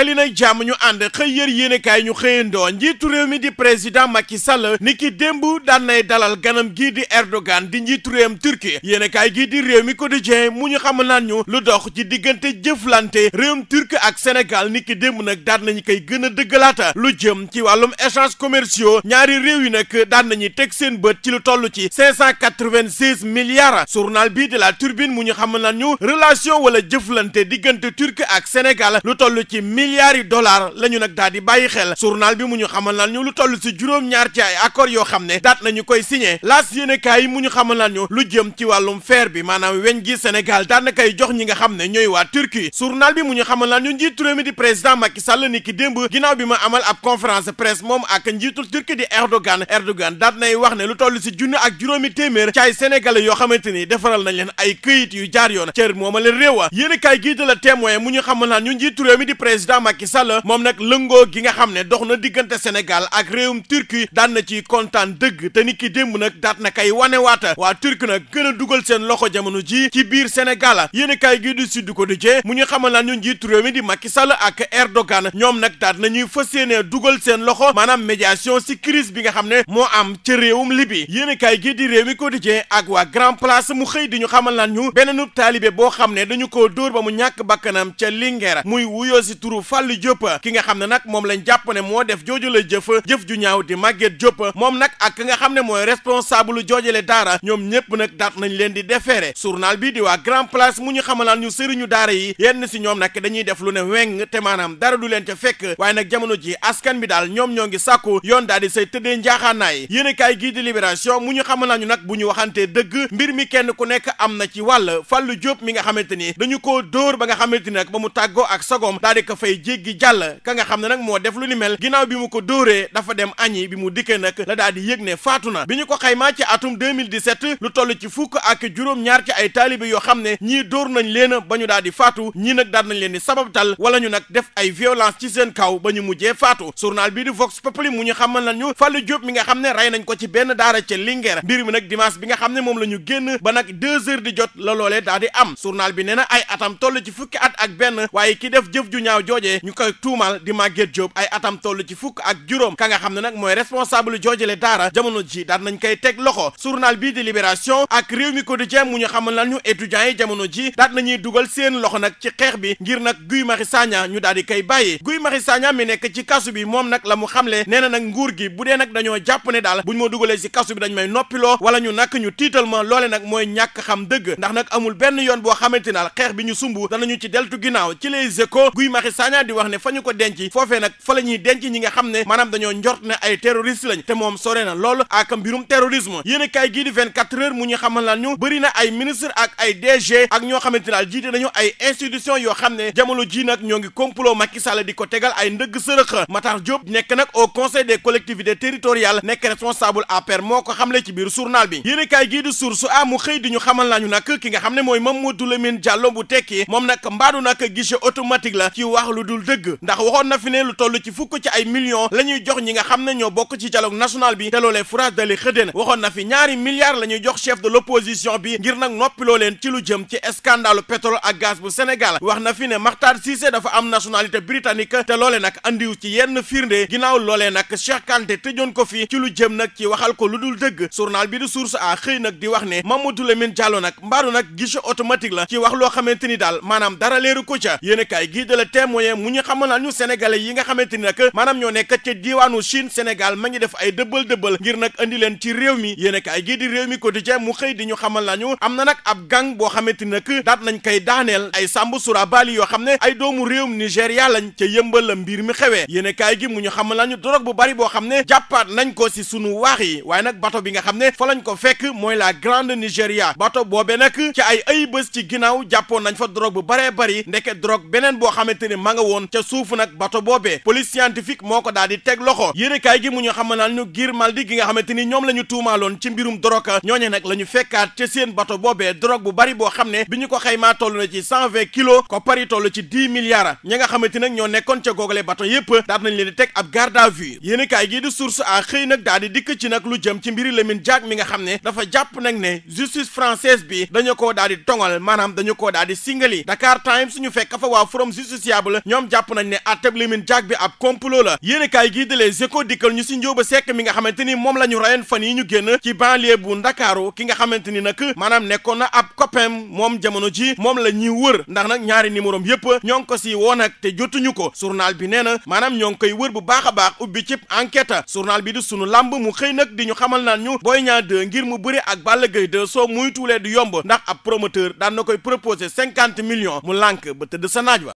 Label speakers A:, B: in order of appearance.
A: dali nag jàmm ñu ànd xëy yër yéenekaay ñu xëyandoo njiitu réew mi di président Macky Sall ni ki démb daan dalal ganam gii di Erdogan di njiitu réewam turki yéenekaay gii di réew mi quotidien mu ñu xam naan ñu lu dox ci diggante jëflante réewum turki ak Sénégal ni ki démb nag daan nañu koy gën a dëggalaata lu jëm ci wàllum échange commerciaux ñaari réew yi nag daan nañuy teg seen bët ci lu toll ci 596 milliards journal bii de la Turbine mu ñu xamal naan ñu relation wala jëflante diggante Turquie ak Sénégal lu toll ci milliards yu dollars la ñu nag daal di bàyyi xel journal bi mu ñu xamal naan ñu lu toll si juróom-ñaar ci ay accord yoo xam ne daat nañu koy signé laas yéenekaay yi mu ñu xamal naan ñu lu jëm ci wàllum fer bi maanaam weñ gi Sénégal daan na koy jox ñi nga xam ne ñooy waa Turquie journal bi mu ñu xamal naan ñu njiitu réew mi di président Macky Sall ni ki démb ginnaaw bi ma amal ab conférence presse moom ak njiitul Turquie di Erdogan Erdogan daat nay wax ne lu toll si junni ak juróomi téeméer ci ay sénégalais yoo xamante ni defaral nañ leen ay këyit yu jaar yoon cër mooma leen réew a ñu xamal naan ñu njiitu mi di président président Macky Sall moom nag lëngoo gi nga xam ne dox na diggante Sénégal ak réewum Turquie daan na ci kontaan dëgg te ni ki démb nag daat na kay wane wanewaata waa Turquie nag gën a dugal seen loxo jamono ji ci biir senegal yéen kaay gi du Sud Quotidien mu ñu xamal naa ñu njiitu réew mi di Macky Sall ak Erdogan ñoom nag daat nañuy fas yéene dugal seen loxo maanaam médiation si crise bi nga xam ne moo am ca réewum Libye yéen kaay gi di réew mi Quotidien ak waa Grand Place mu xëy di ñu xamal naa ñu beneenub taalibe boo xam ne dañu ko dóor ba mu ñàkk bakkanam ca Linguère muy bu Fallou ki nga xam ne nag moom lañ jàpp ne moo def jooju la jëf jëf ju ñaaw di Maguette Diop moom nag ak nga xam ne mooy responsable lu joojale daara ñoom ñëpp nag daat nañ leen di defeere journal bi di waa Grand Place mu ñu xamalaan ñu sëriñu daara yi yenn si ñoom nag dañuy def lu ne weng te maanaam dara du leen ca fekk waaye nag jamono ji askan bi daal ñoom ñoo ngi sàkku yoon daal di say tëddee njaaxaanaay yéenekaay gii di Libération mu ñu xamal ñu nag bu ñu waxantee mi kenn ku nekk am na ci wàll Fallou Diop mi nga xamante ni dañu koo dóor ba nga xamante ni nag ba dafay jéggi jàll ka nga xam ne nag moo def lu ni mel ginnaaw bi mu ko dóoree dafa dem añi bi mu dikkee nag la daal di yëg ne faatu na bi ñu ko xaymaa ci atum lu toll ci fukk ak juróom-ñaar ci ay taalibe yoo xam ne ñii dóor nañ leen ba ñu daal di faatu ñii nag daal nañ leen di sababtal wala ñu nag def ay violence ci seen kaw ba ñu mujjee faatu journal bi di Vox Populi mu ñu xamal nañu Fallou Diop mi nga xam ne rey nañ ko ci benn daara ca Linguère mbir mi nag dimanche bi nga xam ne la ñu génn ba nag deux heures di jot la loolee daal di am journal bi nee na ay atam toll fukki at ak joojee ñu koy tuumal di Maguette Diop ay atam toll ci fukk ak juróom ka xam ne nag mooy responsable joojale daara jamono ji daan nañ koy teg loxo journal bii di Libération ak réew mi quotidien mu ñu xamal lan ñu étudiants yi jamono ji daan ñuy dugal seen loxo nag ci xeex bi ngir nag Guy Marius Sagna ñu daal di koy bàyyi Guy Marius saña mi nekk ci kasu bi moom nag la mu xamle nee na nag nguur gi bu dee nag dañoo jàpp ne daal buñ ma dugalee si kasu bi dañ may noppiloo wala ñu nak ñu tiital ma loole nag mooy ñàkk xam dëgg ndax nag amul benn yoon boo xamante naal xeex bi ñu sumb danañu ci deltu ginnaaw ci les échos Guy Marius Sagna ay terroriste na lool ak mbirum terrorisme yéen a kaay gii di 24 heures mu ñu xamal lan ñu bëri na ay ministre ak ay ne daal jiite nañu ay yoo xam ne jamono ji nag ñoo ngi complot Macky di ko tegal ay ndëgg sërëx Matar Diop nekk nag au conseil des collectivités territoriales nekk responsable APR moo ko xamle ci biir journal bi yéen gii di source a mu xëy di ñu xamal nañu nag ki nga xam ne mooy Mamadou Lamine Diallo bu tekki moom nag mbaadu nag guichet automatique la ci wax lu dul dëgg ndax waxoon na fi ne lu toll ci fukk ci ay millions la jox ñi nga xam ne ñoo bokk ci dialogue national bi te loolee France dali xëdde waxoon na fi ñaari milliards la jox chef de l'opposition bi ngir nag noppiloo leen ci lu jëm ci scandale pétrole ak gaz bu Sénégal wax na fi ne Makhtar Cissé dafa am nationalité britannique te loole nag andiw ci yenn firnde ginnaaw loolee nag Cheikh Kanté tëjoon ko fi ci lu jëm nag ci waxal ko lu dul dëgg a xëy a kaay quotidien mu ñu xamal ñu sénégalais yi nga xamante ni nag maanaam ñoo nekk ca diiwaanu Chine Sénégal ma ngi def ay dëbbal dëbbal ngir nag andi leen ci réew mi yéen kaay gii di réew mi quotidien mu xëy di ñu xamal am na nag ab gang boo xamante nañ koy daaneel ay sàmb sura yoo xam ne ay doomu réewum Nigéria lañ ca yëmbal la mbir mi xewee yéen kaay gi mu ñu xamal nañu drogue bu bari boo xam ne jàppaat nañ ko si sunu waax yi waaye nag bato bi nga xam ne fa lañ ko fekk mooy la grande Nigéria bato boobee nag ci ay ay bés ci ginnaaw jàppoon nañ fa drogue bu baree bari ndeke nga woon ca suufu nag bato boobee police scientifique moo ko daal di teg loxo yéenekaay gi mu ñu xamal naan ñu giir maldi gi nga xamante ni ñoom la ñu tuumaaloon ci mbirum drogue ñooñe nag la ñu fekkaat ca seen bato boobee drogue bu bari boo xam ne bi ñu ko xaymaa toll na ci cent vingt kilos ko pari toll ci dix milliards ña nga xamante nag ñoo nekkoon ca googale bato yépp daat nañ leen di teg ab garde à vue yéenekaay gi di source a xëy nag daal di dikk ci nag lu jëm ci mbiri Lamine Diack mi nga xam ne dafa jàpp nag ne justice française bi dañu koo daal di tongal maanaam dañu koo daal di singali Dakar Times suñu fekk fa waa forum justiciable ñoom jàpp nañ ne atteb Lamine jaag bi ab complot la yéenekaay gii di Les Échos dikkal ñu si njóoba sekk mi nga xamante ni moom lañu ñu reyoon fan yi ñu génn ci banlieue bu Ndakaaru ki nga xamante ni nag maanaam nekkoon na ab copain moom jamono ji moom la ñuy wër ndax nag ñaari numérom yépp ñoo ngi ko si woo nag te jotuñu ko journal bi nee na maanaam ñoo ngi koy wër bu baax a baax ubbi ci enquête journal bi di suñu làmb mu xëy nag di ñu xamal naa ñu Boy Niang 2 ngir mu bëri ak Balla Gaye 2 soo muy tuulee du yomb ndax ab promoteur daan na koy proposé cinquante millions mu lànk ba tëdd wa